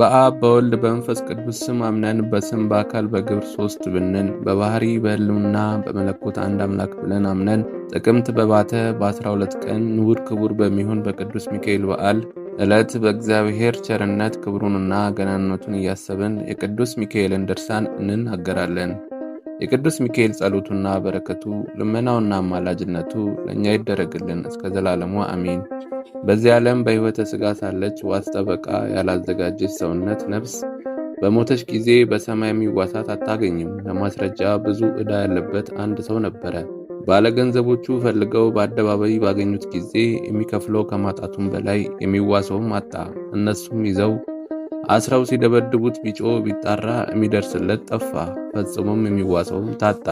በአብ በወልድ በመንፈስ ቅዱስ ስም አምነን በስም በአካል በግብር ሶስት ብንን በባህሪ በህልምና በመለኮት አንድ አምላክ ብለን አምነን ጥቅምት በባተ በ12 ቀን ንዑድ ክቡር በሚሆን በቅዱስ ሚካኤል በዓል ዕለት በእግዚአብሔር ቸርነት ክብሩንና ገናንነቱን እያሰብን የቅዱስ ሚካኤልን ድርሳን እንናገራለን። የቅዱስ ሚካኤል ጸሎቱና በረከቱ ልመናውና አማላጅነቱ ለእኛ ይደረግልን እስከ ዘላለሙ አሜን። በዚህ ዓለም በሕይወተ ሥጋ ሳለች ዋስ ጠበቃ ያላዘጋጀች ሰውነት ነፍስ በሞተች ጊዜ በሰማይ የሚዋሳት አታገኝም። ለማስረጃ ብዙ ዕዳ ያለበት አንድ ሰው ነበረ። ባለገንዘቦቹ ፈልገው በአደባባይ ባገኙት ጊዜ የሚከፍለው ከማጣቱም በላይ የሚዋሰውም አጣ። እነሱም ይዘው አስረው ሲደበድቡት ቢጮ ቢጣራ የሚደርስለት ጠፋ፣ ፈጽሞም የሚዋሰው ታጣ።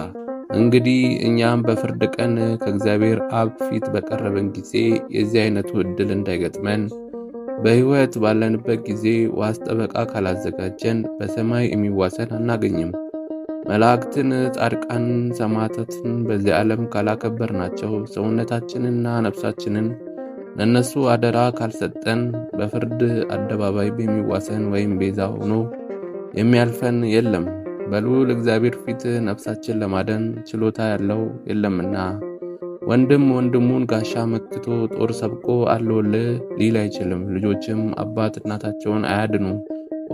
እንግዲህ እኛም በፍርድ ቀን ከእግዚአብሔር አብ ፊት በቀረበን ጊዜ የዚህ አይነቱ ዕድል እንዳይገጥመን በሕይወት ባለንበት ጊዜ ዋስ ጠበቃ ካላዘጋጀን በሰማይ የሚዋሰን አናገኝም። መላእክትን፣ ጻድቃን ሰማዕታትን በዚህ ዓለም ካላከበርናቸው ሰውነታችንንና ነፍሳችንን ለእነሱ አደራ ካልሰጠን በፍርድ አደባባይ በሚዋሰን ወይም ቤዛ ሆኖ የሚያልፈን የለም። በልዑል እግዚአብሔር ፊት ነፍሳችን ለማደን ችሎታ ያለው የለምና ወንድም ወንድሙን ጋሻ መክቶ ጦር ሰብቆ አለውል ሊል አይችልም። ልጆችም አባት እናታቸውን አያድኑ።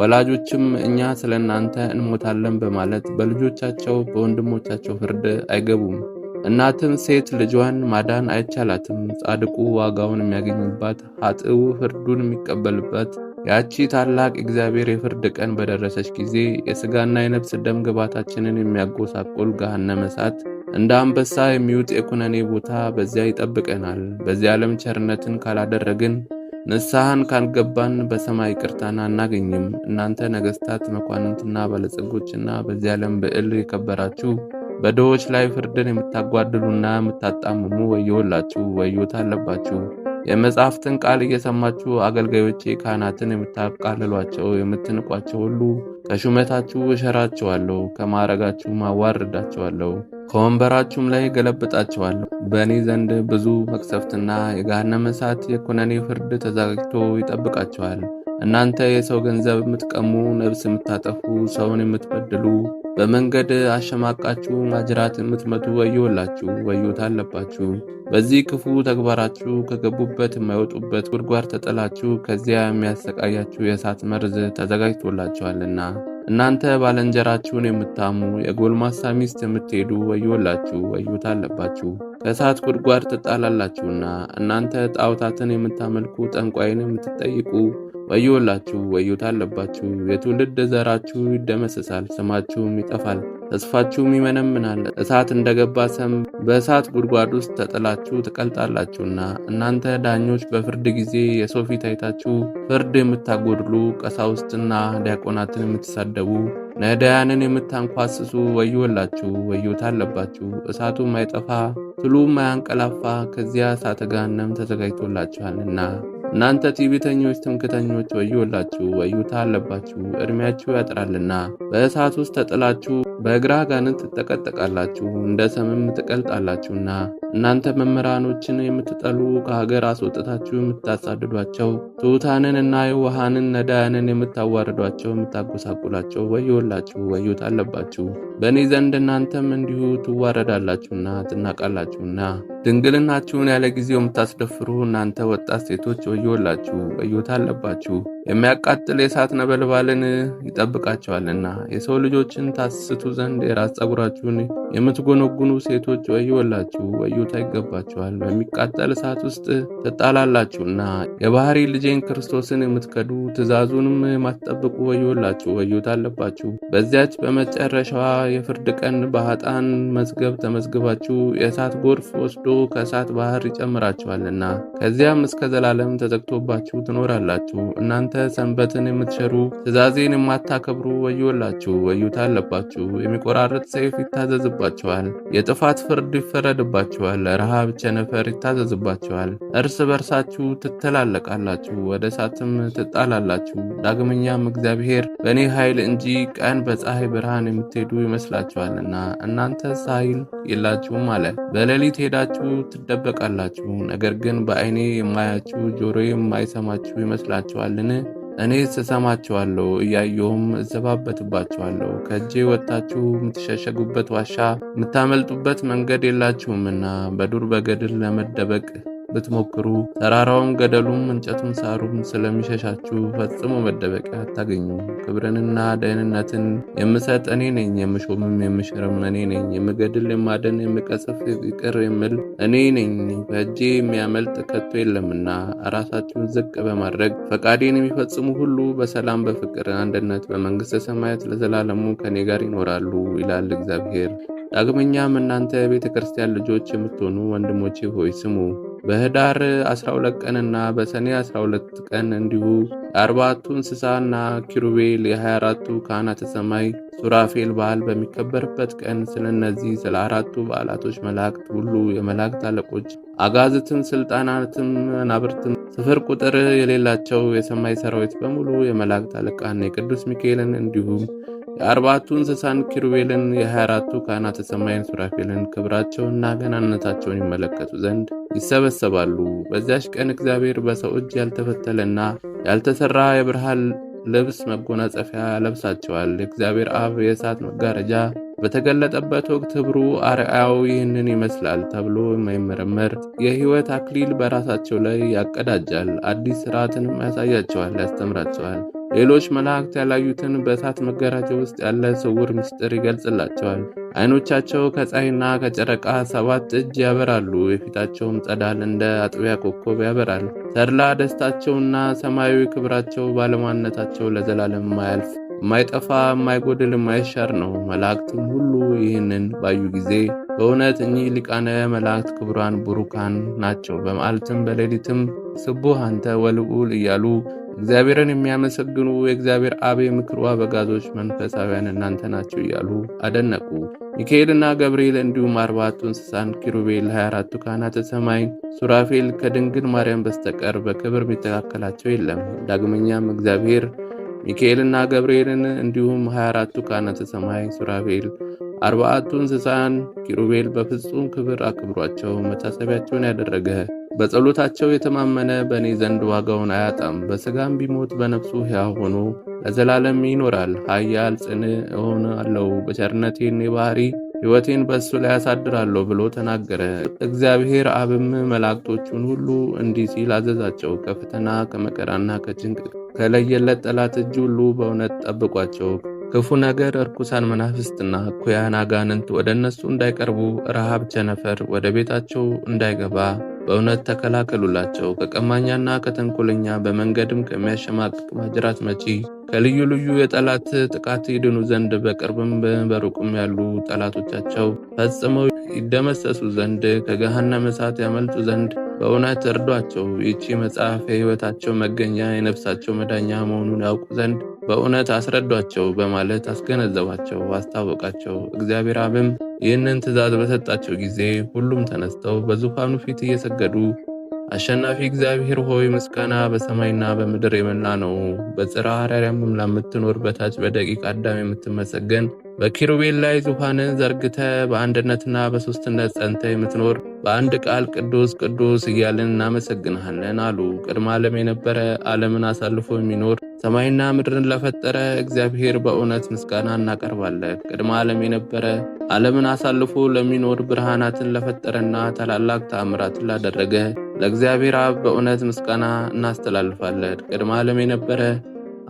ወላጆችም እኛ ስለ እናንተ እንሞታለን በማለት በልጆቻቸው በወንድሞቻቸው ፍርድ አይገቡም። እናትም ሴት ልጇን ማዳን አይቻላትም። ጻድቁ ዋጋውን የሚያገኝባት፣ ኃጥኡ ፍርዱን የሚቀበልበት ያቺ ታላቅ እግዚአብሔር የፍርድ ቀን በደረሰች ጊዜ የሥጋና የነፍስ ደም ግባታችንን የሚያጎሳቁል ገሃነመ እሳት እንደ አንበሳ የሚውጥ የኩነኔ ቦታ በዚያ ይጠብቀናል። በዚህ ዓለም ቸርነትን ካላደረግን ንስሐን ካልገባን በሰማይ ቅርታና አናገኝም። እናንተ ነገሥታት መኳንንትና ባለጸጎችና በዚህ ዓለም ብዕል የከበራችሁ በድሆች ላይ ፍርድን የምታጓድሉና የምታጣምሙ ወዮላችሁ፣ ወዮታ አለባችሁ። የመጽሐፍትን ቃል እየሰማችሁ አገልጋዮቼ ካህናትን የምታቃልሏቸው የምትንቋቸው ሁሉ ከሹመታችሁ እሸራችኋለሁ፣ ከማዕረጋችሁም አዋርዳችኋለሁ፣ ከወንበራችሁም ላይ ገለብጣችኋለሁ። በእኔ ዘንድ ብዙ መቅሰፍትና የገሃነመ እሳት የኩነኔ ፍርድ ተዘጋጅቶ ይጠብቃችኋል። እናንተ የሰው ገንዘብ የምትቀሙ፣ ነብስ የምታጠፉ፣ ሰውን የምትበድሉ፣ በመንገድ አሸማቃችሁ ማጅራት የምትመቱ ወዮላችሁ፣ ወዮታ አለባችሁ። በዚህ ክፉ ተግባራችሁ ከገቡበት የማይወጡበት ጉድጓድ ተጠላችሁ፣ ከዚያ የሚያሰቃያችሁ የእሳት መርዝ ተዘጋጅቶላችኋልና። እናንተ ባለንጀራችሁን የምታሙ የጎልማሳ ሚስት የምትሄዱ ወዮላችሁ ወዮታ አለባችሁ፣ ከእሳት ጉድጓድ ትጣላላችሁና። እናንተ ጣዖታትን የምታመልኩ ጠንቋይን የምትጠይቁ ወዮላችሁ፣ ወዮት አለባችሁ። የትውልድ ዘራችሁ ይደመሰሳል፣ ስማችሁም ይጠፋል፣ ተስፋችሁም ይመነምናል። እሳት እንደገባ ሰም በእሳት ጉድጓድ ውስጥ ተጥላችሁ ትቀልጣላችሁና እናንተ ዳኞች በፍርድ ጊዜ የሰው ፊት አይታችሁ ፍርድ የምታጎድሉ ቀሳውስትና ዲያቆናትን የምትሳደቡ ነዳያንን የምታንኳስሱ ወዮላችሁ፣ ወዮታ አለባችሁ። እሳቱም አይጠፋ ትሉም አያንቀላፋ ከዚያ እሳተ ገሃነም ተዘጋጅቶላችኋልና። እናንተ ትዕቢተኞች፣ ትምክተኞች ወዮላችሁ፣ ወዮታ አለባችሁ። እድሜያችሁ ያጥራልና በእሳት ውስጥ ተጥላችሁ በእግራ ጋንን ትጠቀጠቃላችሁ፣ እንደ ሰምም ትቀልጣላችሁና። እናንተ መምህራኖችን የምትጠሉ ከሀገር አስወጥታችሁ የምታሳድዷቸው ትሑታንን እና የዋሃንን ነዳያንን የምታዋርዷቸው የምታጎሳቁላቸው ወዮላችሁ፣ ወዮታ አለባችሁ። በእኔ ዘንድ እናንተም እንዲሁ ትዋረዳላችሁና ትናቃላችሁና። ድንግልናችሁን ያለ ጊዜው የምታስደፍሩ እናንተ ወጣት ሴቶች ወዮላችሁ፣ ወዮታ አለባችሁ የሚያቃጥል የእሳት ነበልባልን ይጠብቃቸዋልና የሰው ልጆችን ታስቱ ዘንድ የራስ ጸጉራችሁን የምትጎነጉኑ ሴቶች ወዮላችሁ፣ ወዮታ ይገባችኋል። በሚቃጠል እሳት ውስጥ ትጣላላችሁና የባህሪ ልጄን ክርስቶስን የምትከዱ ትእዛዙንም የማትጠብቁ ወዮላችሁ፣ ወዮታ አለባችሁ። በዚያች በመጨረሻዋ የፍርድ ቀን በሀጣን መዝገብ ተመዝግባችሁ የእሳት ጎርፍ ወስዶ ከእሳት ባህር ይጨምራችኋልና ከዚያም እስከ ዘላለም ተዘግቶባችሁ ትኖራላችሁ እናንተ እናንተ ሰንበትን የምትሸሩ ትእዛዜን የማታከብሩ ወዮላችሁ፣ ወዮታ አለባችሁ። የሚቆራረጥ ሰይፍ ይታዘዝባችኋል፣ የጥፋት ፍርድ ይፈረድባችኋል፣ ረሃብ፣ ቸነፈር ይታዘዝባችኋል። እርስ በርሳችሁ ትተላለቃላችሁ፣ ወደ እሳትም ትጣላላችሁ። ዳግመኛም እግዚአብሔር በእኔ ኃይል እንጂ ቀን በፀሐይ ብርሃን የምትሄዱ ይመስላችኋልና እናንተ ኃይል የላችሁም አለ። በሌሊት ሄዳችሁ ትደበቃላችሁ። ነገር ግን በዓይኔ የማያችሁ ጆሮ የማይሰማችሁ ይመስላችኋልን? እኔ ስሰማችኋለሁ፣ እያየሁም እዘባበትባችኋለሁ። ከእጄ ወጥታችሁ የምትሸሸጉበት ዋሻ፣ የምታመልጡበት መንገድ የላችሁምና በዱር በገድል ለመደበቅ ብትሞክሩ ተራራውም፣ ገደሉም፣ እንጨቱም፣ ሳሩም ስለሚሸሻችሁ ፈጽሞ መደበቂያ አታገኙም። ክብርንና ደህንነትን የምሰጥ እኔ ነኝ። የምሾምም የምሽርም እኔ ነኝ። የምገድል፣ የማደን፣ የምቀጽፍ፣ ይቅር የምል እኔ ነኝ። በእጄ የሚያመልጥ ከቶ የለምና ራሳችሁን ዝቅ በማድረግ ፈቃዴን የሚፈጽሙ ሁሉ በሰላም በፍቅር አንድነት በመንግሥተ ሰማያት ለዘላለሙ ከእኔ ጋር ይኖራሉ ይላል እግዚአብሔር። ዳግመኛም እናንተ የቤተ ክርስቲያን ልጆች የምትሆኑ ወንድሞቼ ሆይ ስሙ። በህዳር 12 ቀንና በሰኔ 12 ቀን እንዲሁ የአርባቱ እንስሳና ኪሩቤል የ24ቱ ካህናተ ሰማይ ሱራፌል በዓል በሚከበርበት ቀን ስለ እነዚህ ስለ አራቱ በዓላቶች መላእክት ሁሉ የመላእክት አለቆች አጋዝትም፣ ስልጣናትም፣ ናብርትም ስፍር ቁጥር የሌላቸው የሰማይ ሰራዊት በሙሉ የመላእክት አለቃና የቅዱስ ሚካኤልን እንዲሁም የአርባቱ እንስሳን ኪሩቤልን፣ 24 ቱ ካህናተ ሰማይን ሱራፌልን ክብራቸውንና ገናነታቸውን ይመለከቱ ዘንድ ይሰበሰባሉ። በዚያች ቀን እግዚአብሔር በሰው እጅ ያልተፈተለና ያልተሰራ የብርሃን ልብስ መጎናጸፊያ ለብሳቸዋል። የእግዚአብሔር አብ የእሳት መጋረጃ በተገለጠበት ወቅት ህብሩ አርአያው ይህንን ይመስላል ተብሎ የማይመረመር የህይወት አክሊል በራሳቸው ላይ ያቀዳጃል። አዲስ ስርዓትንም ያሳያቸዋል፣ ያስተምራቸዋል። ሌሎች መላእክት ያላዩትን በእሳት መጋረጃ ውስጥ ያለ ስውር ምስጢር ይገልጽላቸዋል። አይኖቻቸው ከፀሐይና ከጨረቃ ሰባት እጅ ያበራሉ። የፊታቸውም ጸዳል እንደ አጥቢያ ኮከብ ያበራል። ተድላ ደስታቸውና ሰማያዊ ክብራቸው ባለሟልነታቸው ለዘላለም ማያልፍ የማይጠፋ የማይጎድል የማይሻር ነው። መላእክትም ሁሉ ይህንን ባዩ ጊዜ በእውነት እኚህ ሊቃነ መላእክት ክቡራን ቡሩካን ናቸው፣ በመዓልትም በሌሊትም ስቡህ አንተ ወልዑል እያሉ እግዚአብሔርን የሚያመሰግኑ የእግዚአብሔር አብ ምክሩ አበጋዞች መንፈሳውያን እናንተ ናቸው እያሉ አደነቁ። ሚካኤልና ገብርኤል እንዲሁም አርባቱ እንስሳን ኪሩቤል፣ 24ቱ ካህናተ ሰማይ፣ ሱራፌል ከድንግል ማርያም በስተቀር በክብር የሚተካከላቸው የለም። ዳግመኛም እግዚአብሔር ሚካኤልና ገብርኤልን እንዲሁም 24ቱ ካህናተ ሰማይ ሱራፌል፣ አርባአቱ እንስሳን ኪሩቤል በፍጹም ክብር አክብሯቸው መታሰቢያቸውን ያደረገ በጸሎታቸው የተማመነ በእኔ ዘንድ ዋጋውን አያጣም። በሥጋም ቢሞት በነፍሱ ሕያው ሆኖ ለዘላለም ይኖራል። ኃያል ጽን እሆናለሁ በቸርነቴን ባህሪ። ሕይወቴን በእሱ ላይ ያሳድራለሁ ብሎ ተናገረ። እግዚአብሔር አብም መላእክቶቹን ሁሉ እንዲህ ሲል አዘዛቸው፣ ከፈተና ከመከራና ከጭንቅ ከለየለት ጠላት እጅ ሁሉ በእውነት ጠብቋቸው። ክፉ ነገር፣ እርኩሳን መናፍስትና እኩያን አጋንንት ወደ እነሱ እንዳይቀርቡ፣ ረሃብ፣ ቸነፈር ወደ ቤታቸው እንዳይገባ በእውነት ተከላከሉላቸው። ከቀማኛና ከተንኮለኛ በመንገድም ከሚያሸማቅቅ ማጅራት መጪ ከልዩ ልዩ የጠላት ጥቃት ይድኑ ዘንድ በቅርብም በሩቁም ያሉ ጠላቶቻቸው ፈጽመው ይደመሰሱ ዘንድ ከገሃነመ እሳት ያመልጡ ዘንድ በእውነት እርዷቸው። ይቺ መጽሐፍ የሕይወታቸው መገኛ የነፍሳቸው መዳኛ መሆኑን ያውቁ ዘንድ በእውነት አስረዷቸው በማለት አስገነዘባቸው፣ አስታወቃቸው። እግዚአብሔር አብም ይህንን ትእዛዝ በሰጣቸው ጊዜ ሁሉም ተነስተው በዙፋኑ ፊት እየሰገዱ አሸናፊ እግዚአብሔር ሆይ ምስጋና በሰማይና በምድር የመላ ነው። በጽርሐ አርያምም ለምትኖር በታች በደቂቀ አዳም የምትመሰገን በኪሩቤል ላይ ዙፋንን ዘርግተ በአንድነትና በሦስትነት ጸንተ የምትኖር በአንድ ቃል ቅዱስ ቅዱስ እያልን እናመሰግንሃለን አሉ። ቅድመ ዓለም የነበረ ዓለምን አሳልፎ የሚኖር ሰማይና ምድርን ለፈጠረ እግዚአብሔር በእውነት ምስጋና እናቀርባለን። ቅድመ ዓለም የነበረ ዓለምን አሳልፎ ለሚኖር ብርሃናትን ለፈጠረና ታላላቅ ተአምራትን ላደረገ ለእግዚአብሔር አብ በእውነት ምስጋና እናስተላልፋለን። ቅድመ ዓለም የነበረ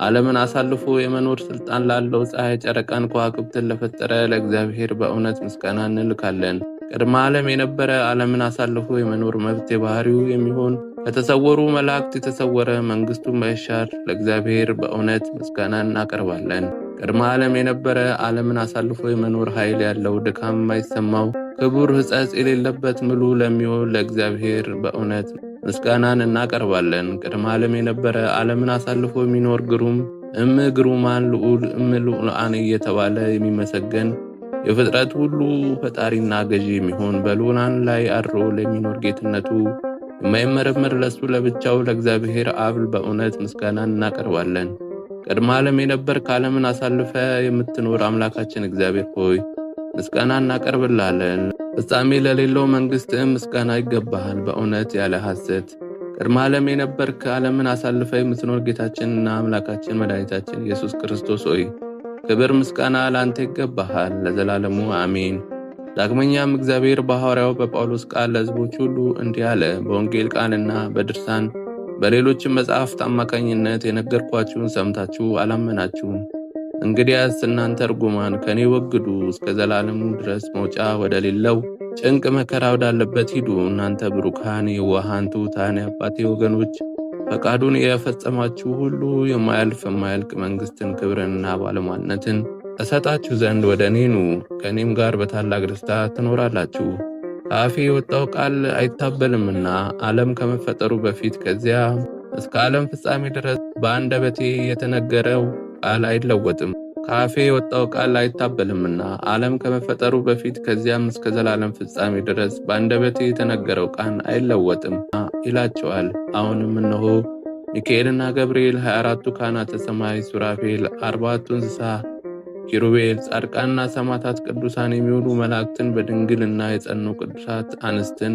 ዓለምን አሳልፎ የመኖር ስልጣን ላለው ፀሐይ፣ ጨረቃን፣ ከዋክብትን ለፈጠረ ለእግዚአብሔር በእውነት ምስጋና እንልካለን። ቅድመ ዓለም የነበረ ዓለምን አሳልፎ የመኖር መብት የባህሪው የሚሆን ከተሰወሩ መላእክት የተሰወረ መንግስቱ መሻር ለእግዚአብሔር በእውነት ምስጋና እናቀርባለን። ቅድመ ዓለም የነበረ ዓለምን አሳልፎ የመኖር ኃይል ያለው ድካም የማይሰማው ክቡር ሕጸጽ የሌለበት ምሉ ለሚሆን ለእግዚአብሔር በእውነት ምስጋናን እናቀርባለን። ቅድመ ዓለም የነበረ ዓለምን አሳልፎ የሚኖር ግሩም እም ግሩማን ልዑል እም ልዑልአን እየተባለ የሚመሰገን የፍጥረት ሁሉ ፈጣሪና ገዢ የሚሆን በልዑላን ላይ አድሮ ለሚኖር ጌትነቱ የማይመረመር ለሱ ለብቻው ለእግዚአብሔር አብ በእውነት ምስጋናን እናቀርባለን። ቅድመ ዓለም የነበርክ ከዓለምን አሳልፈ የምትኖር አምላካችን እግዚአብሔር ሆይ ምስጋና እናቀርብላለን። ፍጻሜ ለሌለው መንግሥትህም ምስጋና ይገባሃል። በእውነት ያለ ሐሰት ቅድመ ዓለም የነበርክ ከዓለምን አሳልፈ የምትኖር ጌታችንና አምላካችን መድኃኒታችን ኢየሱስ ክርስቶስ ሆይ ክብር ምስጋና ለአንተ ይገባሃል ለዘላለሙ አሜን። ዳግመኛም እግዚአብሔር በሐዋርያው በጳውሎስ ቃል ለሕዝቦች ሁሉ እንዲህ አለ። በወንጌል ቃልና በድርሳን በሌሎችም መጽሐፍት አማካኝነት የነገርኳችሁን ሰምታችሁ አላመናችሁም። እንግዲያስ እናንተ እርጉማን ከእኔ ወግዱ፣ እስከ ዘላለሙ ድረስ መውጫ ወደሌለው ጭንቅ መከራ ወዳለበት ሂዱ። እናንተ ብሩካን የዋሃን ትሑታን አባቴ ወገኖች ፈቃዱን የፈጸማችሁ ሁሉ የማያልፍ የማያልቅ መንግሥትን ክብርንና ባለሟልነትን እሰጣችሁ ዘንድ ወደ እኔ ኑ፣ ከእኔም ጋር በታላቅ ደስታ ትኖራላችሁ። ከአፌ የወጣው ቃል አይታበልምና ዓለም ከመፈጠሩ በፊት ከዚያ እስከ ዓለም ፍጻሜ ድረስ በአንደበቴ የተነገረው ቃል አይለወጥም። ከአፌ የወጣው ቃል አይታበልምና ዓለም ከመፈጠሩ በፊት ከዚያም እስከ ዘላለም ፍጻሜ ድረስ በአንደበቴ የተነገረው ቃል አይለወጥም ይላቸዋል። አሁንም እነሆ ሚካኤልና ገብርኤል 24ቱ ካህናተ ሰማይ፣ ሱራፌል 44ቱ እንስሳ ኪሩቤል፣ ጻድቃንና ሰማዕታት፣ ቅዱሳን የሚውሉ መላእክትን፣ በድንግልና የጸኑ ቅዱሳት አንስትን፣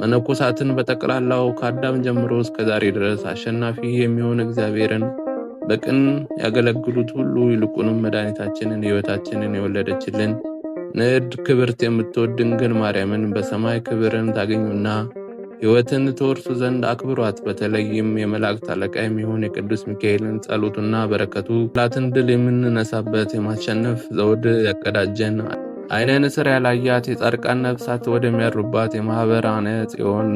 መነኮሳትን በጠቅላላው ከአዳም ጀምሮ እስከ ዛሬ ድረስ አሸናፊ የሚሆን እግዚአብሔርን በቅን ያገለግሉት ሁሉ ይልቁንም መድኃኒታችንን ሕይወታችንን የወለደችልን ንዕድ ክብርት የምትወድ ድንግል ማርያምን በሰማይ ክብርን ታገኙና ሕይወትን ትወርሱ ዘንድ አክብሯት። በተለይም የመላእክት አለቃ የሚሆን የቅዱስ ሚካኤልን ጸሎቱና በረከቱ ላትን ድል የምንነሳበት የማሸነፍ ዘውድ ያቀዳጀን አይነ ንስር ያላያት የጻድቃን ነፍሳት ወደሚያድሩባት የማኅበር አነ ጽዮን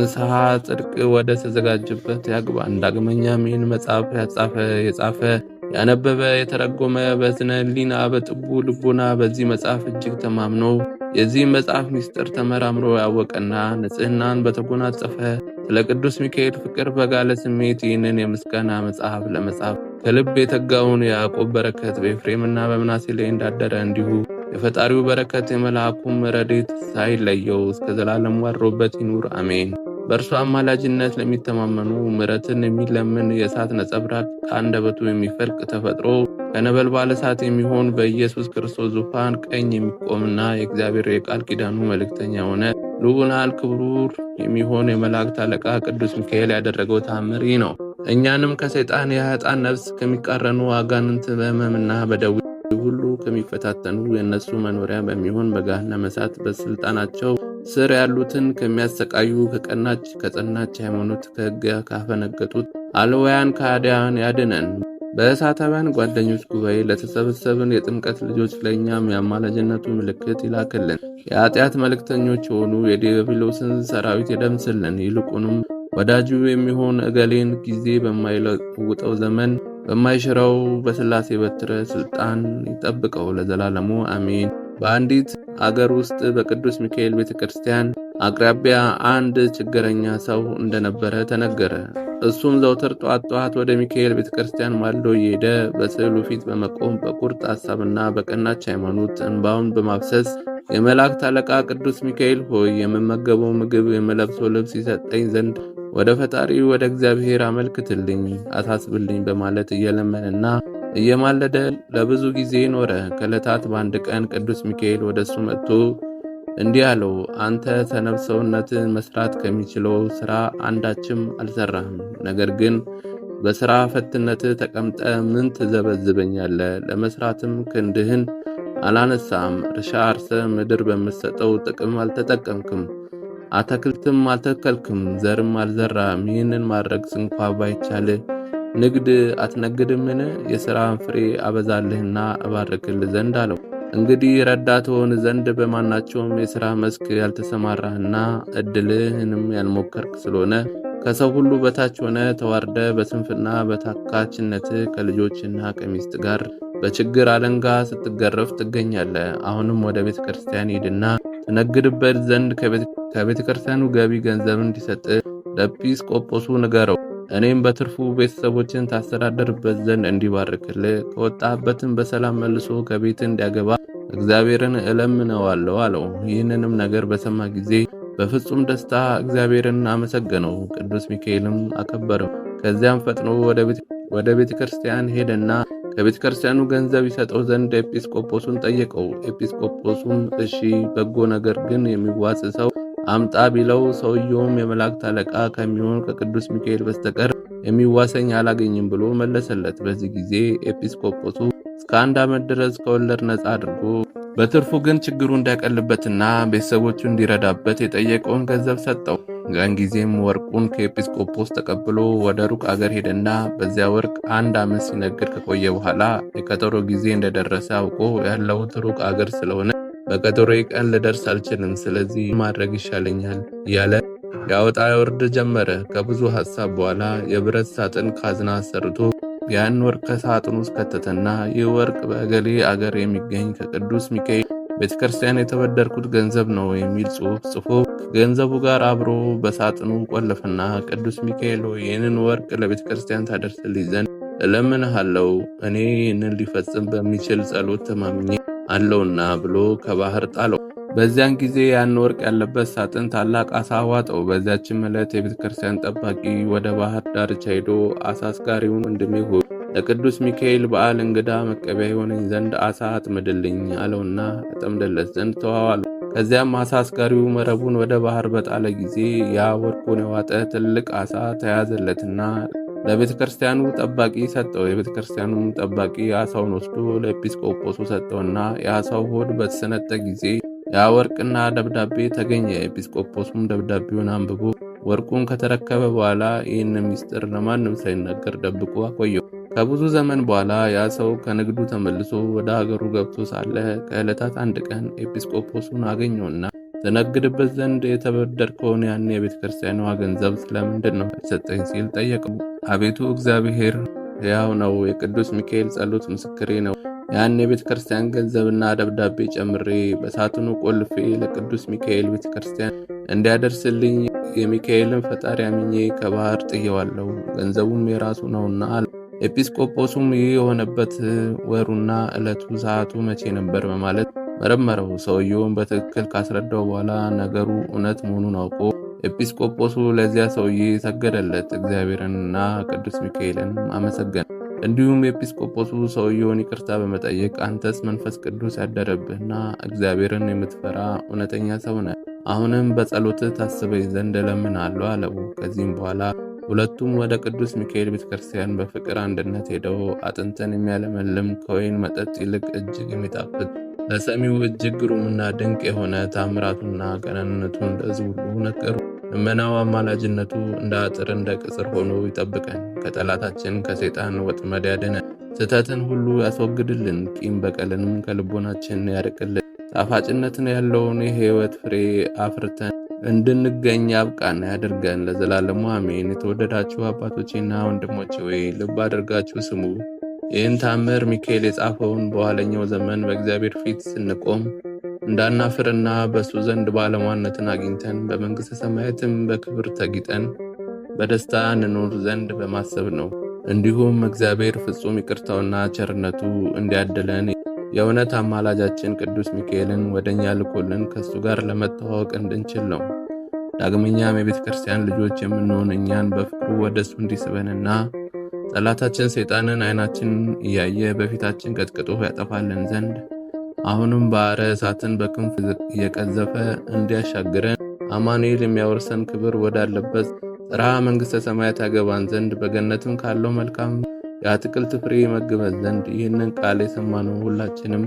ንስሐ ጽድቅ ወደ ተዘጋጀበት ያግባን። ዳግመኛም ይህን መጽሐፍ ያጻፈ የጻፈ ያነበበ የተረጎመ በዝነ ሊና በጥቡ ልቦና በዚህ መጽሐፍ እጅግ ተማምኖ የዚህም መጽሐፍ ምስጢር ተመራምሮ ያወቀና ንጽህናን በተጎናጸፈ ስለ ቅዱስ ሚካኤል ፍቅር በጋለ ስሜት ይህንን የምስጋና መጽሐፍ ለመጻፍ ከልብ የተጋውን የያዕቆብ በረከት በኤፍሬምና በምናሴ ላይ እንዳደረ እንዲሁ የፈጣሪው በረከት የመልአኩም ረድኤት ሳይለየው እስከ ዘላለም ዋድሮበት ይኑር አሜን። በእርሷ አማላጅነት ለሚተማመኑ ምሕረትን የሚለምን የእሳት ነጸብራቅ ከአንደበቱ የሚፈልቅ ተፈጥሮ ከነበልባለ እሳት የሚሆን በኢየሱስ ክርስቶስ ዙፋን ቀኝ የሚቆምና የእግዚአብሔር የቃል ኪዳኑ መልእክተኛ ሆነ ልቡናል ክቡር የሚሆን የመላእክት አለቃ ቅዱስ ሚካኤል ያደረገው ታምር ነው። እኛንም ከሰይጣን የህጣን ነፍስ ከሚቃረኑ አጋንንት በህመምና በደዊ ሁሉ ከሚፈታተኑ የእነሱ መኖሪያ በሚሆን በገሃነመ እሳት በስልጣናቸው ስር ያሉትን ከሚያሰቃዩ ከቀናች ከጸናች ሃይማኖት ከህግ ካፈነገጡት አልወያን ከአዲያን ያድነን። በእሳታውያን ጓደኞች ጉባኤ ለተሰበሰብን የጥምቀት ልጆች ለእኛም የአማላጅነቱ ምልክት ይላክልን። የኃጢአት መልእክተኞች የሆኑ የዲያብሎስን ሰራዊት ይደምስልን። ይልቁንም ወዳጁ የሚሆን እገሌን ጊዜ በማይለውጠው ዘመን በማይሽረው በስላሴ በትረ ሥልጣን ይጠብቀው ለዘላለሙ አሜን። በአንዲት አገር ውስጥ በቅዱስ ሚካኤል ቤተ ክርስቲያን አቅራቢያ አንድ ችግረኛ ሰው እንደነበረ ተነገረ። እሱም ዘውትር ጠዋት ጠዋት ወደ ሚካኤል ቤተ ክርስቲያን ማልዶ እየሄደ በስዕሉ ፊት በመቆም በቁርጥ ሐሳብና በቀናች ሃይማኖት እንባውን በማፍሰስ የመላእክት አለቃ ቅዱስ ሚካኤል ሆይ የምመገበው ምግብ የምለብሰው ልብስ ይሰጠኝ ዘንድ ወደ ፈጣሪ ወደ እግዚአብሔር አመልክትልኝ፣ አሳስብልኝ በማለት እየለመንና እየማለደ ለብዙ ጊዜ ኖረ። ከዕለታት በአንድ ቀን ቅዱስ ሚካኤል ወደ እሱ መጥቶ እንዲህ አለው፣ አንተ ሰነፍሰውነትን መስራት ከሚችለው ሥራ አንዳችም አልሠራህም። ነገር ግን በሥራ ፈትነት ተቀምጠ ምን ትዘበዝበኛለህ? ለመሥራትም ክንድህን አላነሳም። እርሻ አርሰ ምድር በምሰጠው ጥቅም አልተጠቀምክም። አትክልትም አልተከልክም፣ ዘርም አልዘራም። ይህንን ማድረግ ስንኳ ባይቻል ንግድ አትነግድምን? የሥራን ፍሬ አበዛልህና እባርክልህ ዘንድ አለው። እንግዲህ ረዳት ሆን ዘንድ በማናቸውም የሥራ መስክ ያልተሰማራህና እድልህንም ያልሞከርክ ስለሆነ ከሰው ሁሉ በታች ሆነ ተዋርደ በስንፍና በታካችነት ከልጆችና ከሚስት ጋር በችግር አለንጋ ስትገረፍ ትገኛለ አሁንም ወደ ቤተ ክርስቲያን ሂድና ትነግድበት ዘንድ ከቤተ ክርስቲያኑ ገቢ ገንዘብ እንዲሰጥ ለጲስ ቆጶሱ ንገረው። እኔም በትርፉ ቤተሰቦችን ታስተዳደርበት ዘንድ እንዲባርክልህ ከወጣበትም በሰላም መልሶ ከቤት እንዲያገባ እግዚአብሔርን እለምነዋለሁ አለው። ይህንንም ነገር በሰማ ጊዜ በፍጹም ደስታ እግዚአብሔርን አመሰገነው፣ ቅዱስ ሚካኤልም አከበረው። ከዚያም ፈጥኖ ወደ ቤተ ክርስቲያን ሄደና ከቤተ ክርስቲያኑ ገንዘብ ይሰጠው ዘንድ ኤጲስቆጶሱን ጠየቀው። ኤጲስቆጶሱም እሺ፣ በጎ ነገር ግን ሰው አምጣ ቢለው ሰውየውም የመላእክት አለቃ ከሚሆን ከቅዱስ ሚካኤል በስተቀር የሚዋሰኝ አላገኝም ብሎ መለሰለት። በዚህ ጊዜ ኤጲስቆጶሱ እስከ አንድ ዓመት ድረስ ከወለድ ነፃ አድርጎ በትርፉ ግን ችግሩ እንዳይቀልበትና ቤተሰቦቹ እንዲረዳበት የጠየቀውን ገንዘብ ሰጠው። ያን ጊዜም ወርቁን ከኤጲስቆጶስ ተቀብሎ ወደ ሩቅ አገር ሄደና በዚያ ወርቅ አንድ ዓመት ሲነግድ ከቆየ በኋላ የቀጠሮ ጊዜ እንደደረሰ አውቆ ያለውት ሩቅ አገር ስለሆነ በቀጠሮ ቀን ልደርስ አልችልም፣ ስለዚህ ማድረግ ይሻለኛል እያለ ያወጣ ውርድ ጀመረ። ከብዙ ሀሳብ በኋላ የብረት ሳጥን ካዝና ሰርቶ ያን ወርቅ ከሳጥኑ ውስጥ ከተተና ይህ ወርቅ በእገሌ አገር የሚገኝ ከቅዱስ ሚካኤል ቤተክርስቲያን የተበደርኩት ገንዘብ ነው የሚል ጽሑፍ ጽፎ ከገንዘቡ ጋር አብሮ በሳጥኑ ቆለፈና ቅዱስ ሚካኤል ይህንን ወርቅ ለቤተክርስቲያን ታደርስልኝ ዘንድ እለምንሃለው እኔ ይህንን ሊፈጽም በሚችል ጸሎት ተማምኜ አለውና ብሎ ከባህር ጣለው። በዚያን ጊዜ ያን ወርቅ ያለበት ሳጥን ታላቅ አሳ ዋጠው። በዚያችም ዕለት የቤተክርስቲያን ጠባቂ ወደ ባህር ዳርቻ ሄዶ አሳ አስጋሪውን ወንድሜ ሆ ለቅዱስ ሚካኤል በዓል እንግዳ መቀቢያ የሆነኝ ዘንድ አሳ አጥምድልኝ አለውና እጠምደለት ዘንድ ተዋዋሉ። ከዚያም አሳ አስጋሪው መረቡን ወደ ባህር በጣለ ጊዜ ያ ወርቁን የዋጠ ትልቅ አሳ ተያዘለትና ለቤተ ክርስቲያኑ ጠባቂ ሰጠው። የቤተ ክርስቲያኑም ጠባቂ የአሳውን ወስዶ ለኤጲስቆጶሱ ሰጠውና የአሳው ሆድ በተሰነጠ ጊዜ የወርቅና ደብዳቤ ተገኘ። ኤጲስቆጶሱም ደብዳቤውን አንብቦ ወርቁን ከተረከበ በኋላ ይህን ምስጢር ለማንም ሳይነገር ደብቆ አቆየው። ከብዙ ዘመን በኋላ ያ ሰው ከንግዱ ተመልሶ ወደ ሀገሩ ገብቶ ሳለ ከዕለታት አንድ ቀን ኤጲስቆጶሱን አገኘውና ትነግድበት ዘንድ የተበደርከውን ያን የቤተ ክርስቲያኗ ገንዘብ ስለምንድን ነው ሰጠኝ ሲል ጠየቀው። አቤቱ እግዚአብሔር ያው ነው፣ የቅዱስ ሚካኤል ጸሎት ምስክሬ ነው። ያን የቤተ ክርስቲያን ገንዘብና ደብዳቤ ጨምሬ በሳጥኑ ቆልፌ ለቅዱስ ሚካኤል ቤተ ክርስቲያን እንዲያደርስልኝ የሚካኤልን ፈጣሪ አምኜ ከባህር ጥየዋለሁ፣ ገንዘቡም የራሱ ነውና አለ። ኤጲስቆጶሱም ይህ የሆነበት ወሩና ዕለቱ ሰዓቱ መቼ ነበር በማለት መረመረው። ሰውየውን በትክክል ካስረዳው በኋላ ነገሩ እውነት መሆኑን አውቆ ኤጲስቆጶሱ ለዚያ ሰውዬ ሰገደለት፣ እግዚአብሔርንና ቅዱስ ሚካኤልን አመሰገነ። እንዲሁም ኤጲስቆጶሱ ሰውየውን ይቅርታ በመጠየቅ አንተስ መንፈስ ቅዱስ ያደረብህና እግዚአብሔርን የምትፈራ እውነተኛ ሰው ነህ፣ አሁንም በጸሎትህ ታስበኝ ዘንድ እለምንሃለሁ አለው። ከዚህም በኋላ ሁለቱም ወደ ቅዱስ ሚካኤል ቤተክርስቲያን በፍቅር አንድነት ሄደው አጥንትን የሚያለመልም ከወይን መጠጥ ይልቅ እጅግ የሚጣፍጥ ለሰሚው እጅግ ግሩምና ድንቅ የሆነ ታምራቱና ቀናንነቱን እንደዚህ ሁሉ ነገሩ። ልመናው አማላጅነቱ እንደ አጥር እንደ ቅጽር ሆኖ ይጠብቀን፣ ከጠላታችን ከሴጣን ወጥመድ ያድነን፣ ስህተትን ሁሉ ያስወግድልን፣ ቂም በቀልንም ከልቦናችን ያርቅልን። ጣፋጭነትን ያለውን የህይወት ፍሬ አፍርተን እንድንገኝ አብቃን ያድርገን፣ ለዘላለሙ አሜን። የተወደዳችሁ አባቶቼና ወንድሞቼ ወይ ልብ አድርጋችሁ ስሙ። ይህን ታምር ሚካኤል የጻፈውን በኋለኛው ዘመን በእግዚአብሔር ፊት ስንቆም እንዳናፍርና በእሱ ዘንድ ባለሟነትን አግኝተን በመንግሥተ ሰማያትም በክብር ተጊጠን በደስታ እንኖር ዘንድ በማሰብ ነው። እንዲሁም እግዚአብሔር ፍጹም ይቅርታውና ቸርነቱ እንዲያደለን የእውነት አማላጃችን ቅዱስ ሚካኤልን ወደ እኛ ልኮልን ከእሱ ጋር ለመተዋወቅ እንድንችል ነው። ዳግመኛም የቤተ ክርስቲያን ልጆች የምንሆን እኛን በፍቅሩ ወደ እሱ እንዲስበንና ጠላታችን ሰይጣንን አይናችን እያየ በፊታችን ቀጥቅጦ ያጠፋለን ዘንድ አሁንም ባሕረ እሳትን በክንፍ እየቀዘፈ እንዲያሻግረን አማኑኤል የሚያወርሰን ክብር ወዳለበት ጥራ መንግሥተ ሰማያት ያገባን ዘንድ በገነትም ካለው መልካም የአትክልት ፍሬ ይመግበን ዘንድ ይህንን ቃል የሰማነው ሁላችንም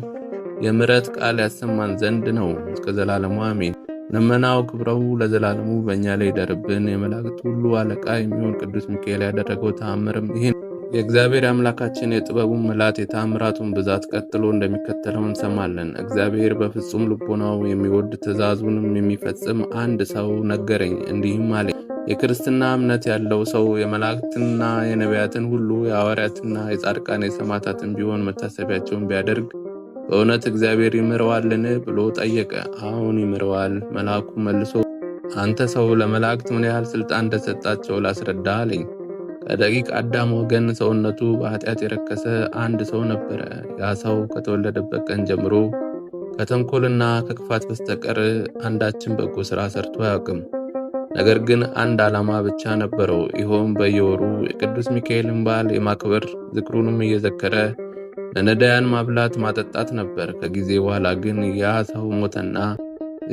የምሕረት ቃል ያሰማን ዘንድ ነው። እስከ ዘላለሙ አሜን። ልመናው ክብረው ለዘላለሙ በእኛ ላይ ይደርብን። የመላእክት ሁሉ አለቃ የሚሆን ቅዱስ ሚካኤል ያደረገው ተአምርም ይህን የእግዚአብሔር አምላካችን የጥበቡን ምላት የታምራቱን ብዛት ቀጥሎ እንደሚከተለው እንሰማለን። እግዚአብሔር በፍጹም ልቦናው የሚወድ ትእዛዙንም የሚፈጽም አንድ ሰው ነገረኝ፣ እንዲህም አለ። የክርስትና እምነት ያለው ሰው የመላእክትና የነቢያትን ሁሉ የሐዋርያትና የጻድቃን የሰማዕታትን ቢሆን መታሰቢያቸውን ቢያደርግ በእውነት እግዚአብሔር ይምረዋልን ብሎ ጠየቀ። አሁን ይምረዋል። መልአኩ መልሶ አንተ ሰው ለመላእክት ምን ያህል ስልጣን እንደሰጣቸው ላስረዳ አለኝ። ከደቂቅ አዳም ወገን ሰውነቱ በኃጢአት የረከሰ አንድ ሰው ነበረ። ያ ሰው ከተወለደበት ቀን ጀምሮ ከተንኮልና ከክፋት በስተቀር አንዳችን በጎ ሥራ ሰርቶ አያውቅም። ነገር ግን አንድ ዓላማ ብቻ ነበረው። ይኸውም በየወሩ የቅዱስ ሚካኤልን በዓል የማክበር ዝክሩንም እየዘከረ ለነዳያን ማብላት ማጠጣት ነበር። ከጊዜ በኋላ ግን ያ ሰው ሞተና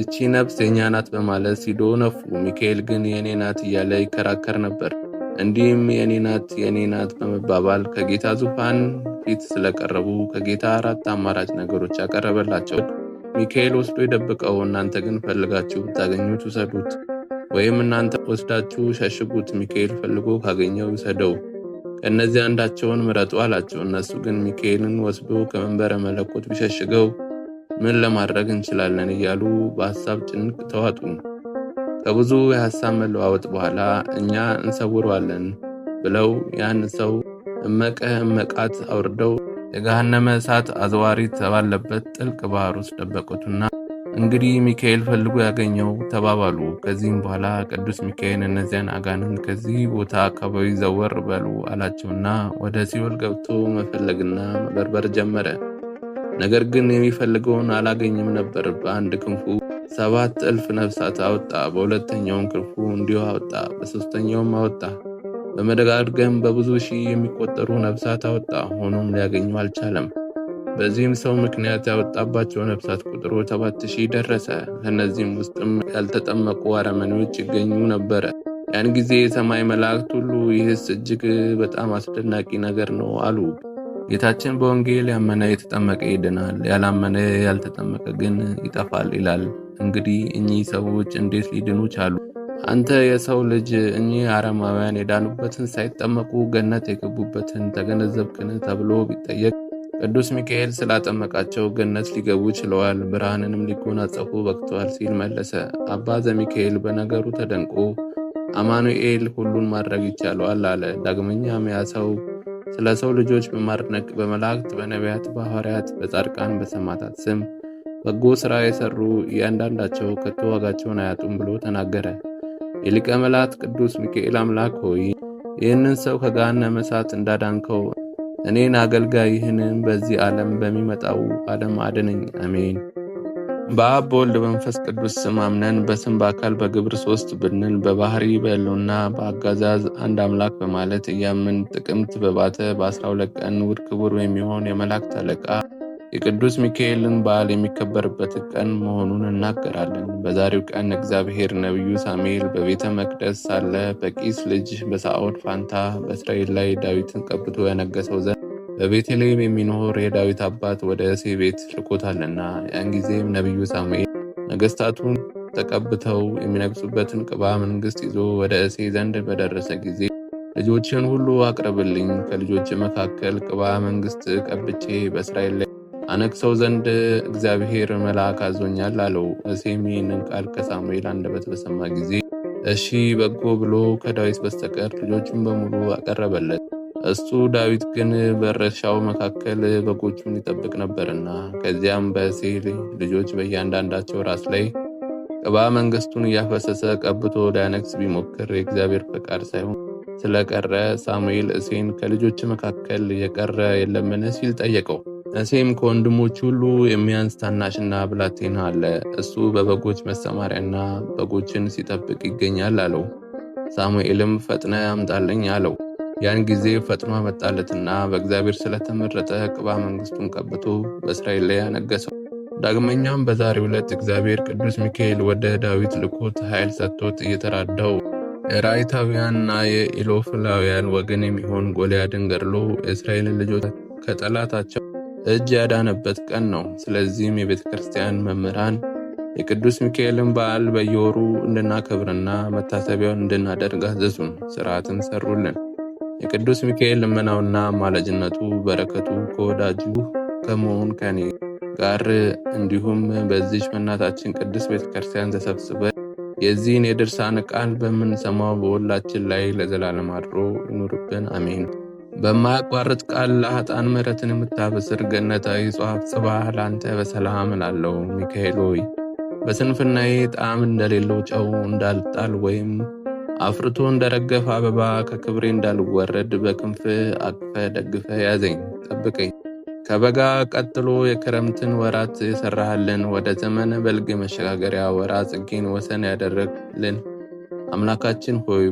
እቺ ነፍስ የእኛ ናት በማለት ሲዶ ነፉ። ሚካኤል ግን የእኔ ናት እያለ ይከራከር ነበር። እንዲህም የእኔ ናት የእኔ ናት በመባባል ከጌታ ዙፋን ፊት ስለቀረቡ ከጌታ አራት አማራጭ ነገሮች ያቀረበላቸው ሚካኤል ወስዶ የደብቀው፣ እናንተ ግን ፈልጋችሁ ብታገኙት ውሰዱት፣ ወይም እናንተ ወስዳችሁ ሸሽጉት፣ ሚካኤል ፈልጎ ካገኘው ይውሰደው ከእነዚህ አንዳቸውን ምረጡ አላቸው። እነሱ ግን ሚካኤልን ወስዶ ከመንበረ መለኮት ቢሸሽገው ምን ለማድረግ እንችላለን እያሉ በሀሳብ ጭንቅ ተዋጡ። ከብዙ የሀሳብ መለዋወጥ በኋላ እኛ እንሰውረዋለን ብለው ያን ሰው እመቀ እመቃት አውርደው የገሃነመ እሳት አዘዋሪ ባለበት ጥልቅ ባህር ውስጥ ደበቁትና እንግዲህ ሚካኤል ፈልጎ ያገኘው ተባባሉ። ከዚህም በኋላ ቅዱስ ሚካኤል እነዚያን አጋንንት ከዚህ ቦታ አካባቢ ዘወር በሉ አላቸውና ወደ ሲኦል ገብቶ መፈለግና መበርበር ጀመረ። ነገር ግን የሚፈልገውን አላገኘም ነበር። በአንድ ክንፉ ሰባት እልፍ ነፍሳት አወጣ፣ በሁለተኛውም ክንፉ እንዲሁ አወጣ፣ በሶስተኛውም አወጣ። በመደጋገም በብዙ ሺህ የሚቆጠሩ ነፍሳት አወጣ። ሆኖም ሊያገኙ አልቻለም። በዚህም ሰው ምክንያት ያወጣባቸው ነፍሳት ቁጥሩ ሰባት ሺህ ደረሰ። ከእነዚህም ውስጥም ያልተጠመቁ አረመኔዎች ይገኙ ነበረ። ያን ጊዜ የሰማይ መላእክት ሁሉ ይህስ እጅግ በጣም አስደናቂ ነገር ነው አሉ። ጌታችን በወንጌል ያመነ የተጠመቀ ይድናል፣ ያላመነ ያልተጠመቀ ግን ይጠፋል ይላል። እንግዲህ እኚህ ሰዎች እንዴት ሊድኑ ቻሉ? አንተ የሰው ልጅ እኚህ አረማውያን የዳኑበትን ሳይጠመቁ ገነት የገቡበትን ተገነዘብክን ተብሎ ቢጠየቅ ቅዱስ ሚካኤል ስላጠመቃቸው ገነት ሊገቡ ችለዋል፣ ብርሃንንም ሊጎናጸፉ በቅተዋል ሲል መለሰ። አባ ዘሚካኤል በነገሩ ተደንቆ አማኑኤል ሁሉን ማድረግ ይቻለዋል አለ። ዳግመኛም ያ ሰው ስለ ሰው ልጆች በማድነቅ በመላእክት፣ በነቢያት፣ በሐዋርያት፣ በጻድቃን፣ በሰማዕታት ስም በጎ ሥራ የሰሩ እያንዳንዳቸው ከቶ ዋጋቸውን አያጡም ብሎ ተናገረ። የሊቀ መላእክት ቅዱስ ሚካኤል አምላክ ሆይ ይህንን ሰው ከገሃነመ እሳት እንዳዳንከው እኔን አገልጋይህንም በዚህ ዓለም በሚመጣው ዓለም አድነኝ። አሜን። በአብ በወልድ በመንፈስ ቅዱስ ስም አምነን በስም በአካል በግብር ሶስት ብንል በባህሪ በሕልውና በአጋዛዝ አንድ አምላክ በማለት እያምን ጥቅምት በባተ በ12 ቀን ውድ ክቡር የሚሆን የመላእክት አለቃ የቅዱስ ሚካኤልን በዓል የሚከበርበት ቀን መሆኑን እናገራለን። በዛሬው ቀን እግዚአብሔር ነቢዩ ሳሙኤል በቤተ መቅደስ ሳለ በቂስ ልጅ በሳኦል ፋንታ በእስራኤል ላይ ዳዊትን ቀብቶ ያነገሰው ዘንድ በቤተልሔም የሚኖር የዳዊት አባት ወደ እሴ ቤት ልኮታልና። ያን ጊዜም ነቢዩ ሳሙኤል ነገሥታቱን ተቀብተው የሚነግሱበትን ቅባ መንግሥት ይዞ ወደ እሴ ዘንድ በደረሰ ጊዜ ልጆችን ሁሉ አቅርብልኝ፣ ከልጆች መካከል ቅባ መንግሥት ቀብቼ በእስራኤል ላይ አነግሰው ዘንድ እግዚአብሔር መልአክ አዞኛል አለው። እሴም ይህንን ቃል ከሳሙኤል አንደበት በሰማ ጊዜ እሺ በጎ ብሎ ከዳዊት በስተቀር ልጆችን በሙሉ አቀረበለት። እሱ ዳዊት ግን በረሻው መካከል በጎቹን ይጠብቅ ነበርና ከዚያም በሴል ልጆች በእያንዳንዳቸው ራስ ላይ ቅባ መንግስቱን እያፈሰሰ ቀብቶ ሊያነግስ ቢሞክር የእግዚአብሔር ፈቃድ ሳይሆን ስለቀረ ሳሙኤል እሴን ከልጆች መካከል የቀረ የለምን ሲል ጠየቀው። እሴም ከወንድሞች ሁሉ የሚያንስ ታናሽና ብላቴና አለ፣ እሱ በበጎች መሰማሪያና በጎችን ሲጠብቅ ይገኛል አለው። ሳሙኤልም ፈጥነ አምጣልኝ አለው። ያን ጊዜ ፈጥኖ መጣለትና በእግዚአብሔር ስለተመረጠ ቅባ መንግስቱን ቀብቶ በእስራኤል ላይ ያነገሰው። ዳግመኛም በዛሬ ዕለት እግዚአብሔር ቅዱስ ሚካኤል ወደ ዳዊት ልኮት ኃይል ሰጥቶት እየተራዳው የራይታውያንና የኢሎፍላውያን ወገን የሚሆን ጎልያድን ገድሎ የእስራኤልን ልጆች ከጠላታቸው እጅ ያዳነበት ቀን ነው። ስለዚህም የቤተ ክርስቲያን መምህራን የቅዱስ ሚካኤልን በዓል በየወሩ እንድናከብርና መታሰቢያውን እንድናደርግ አዘዙን፣ ስርዓትን ሰሩልን። የቅዱስ ሚካኤል ልመናውና ማለጅነቱ በረከቱ ከወዳጁ ከመሆን ከኔ ጋር እንዲሁም በዚች በእናታችን ቅድስት ቤተክርስቲያን ተሰብስበ የዚህን የድርሳን ቃል በምንሰማው በሁላችን ላይ ለዘላለም አድሮ ይኑርብን፣ አሜን። በማያቋርጥ ቃል ለአጣን ምሕረትን የምታበስር ገነታዊ ጽሐፍ ጽባ ላንተ በሰላም እላለሁ። ሚካኤል ሆይ በስንፍናዬ ጣዕም እንደሌለው ጨው እንዳልጣል ወይም አፍርቶ እንደረገፈ አበባ ከክብሬ እንዳልወረድ በክንፍህ አቅፈ ደግፈ ያዘኝ፣ ጠብቀኝ። ከበጋ ቀጥሎ የክረምትን ወራት የሰራህልን ወደ ዘመነ በልግ መሸጋገሪያ ወራ ጽጌን ወሰን ያደረግልን አምላካችን ሆይ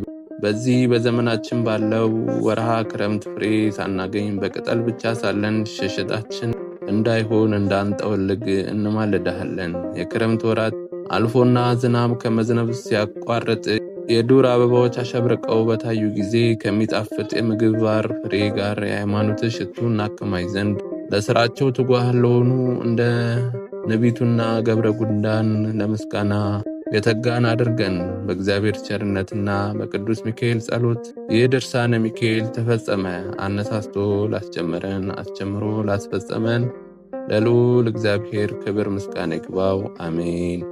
በዚህ በዘመናችን ባለው ወርሃ ክረምት ፍሬ ሳናገኝ በቅጠል ብቻ ሳለን ሸሸጣችን እንዳይሆን እንዳንጠወልግ እንማልዳሃለን። የክረምት ወራት አልፎና ዝናብ ከመዝነብ ሲያቋርጥ የዱር አበባዎች አሸብርቀው በታዩ ጊዜ ከሚጣፍጥ የምግብ ባር ፍሬ ጋር የሃይማኖት ሽቱ እናከማኝ ዘንድ ለስራቸው ትጓህ ለሆኑ እንደ ነቢቱና ገብረ ጉንዳን ለምስጋና የተጋን አድርገን። በእግዚአብሔር ቸርነትና በቅዱስ ሚካኤል ጸሎት ይህ ድርሳነ ሚካኤል ተፈጸመ። አነሳስቶ ላስጀመረን አስጀምሮ ላስፈጸመን ለልዑል እግዚአብሔር ክብር ምስጋና ይግባው፣ አሜን።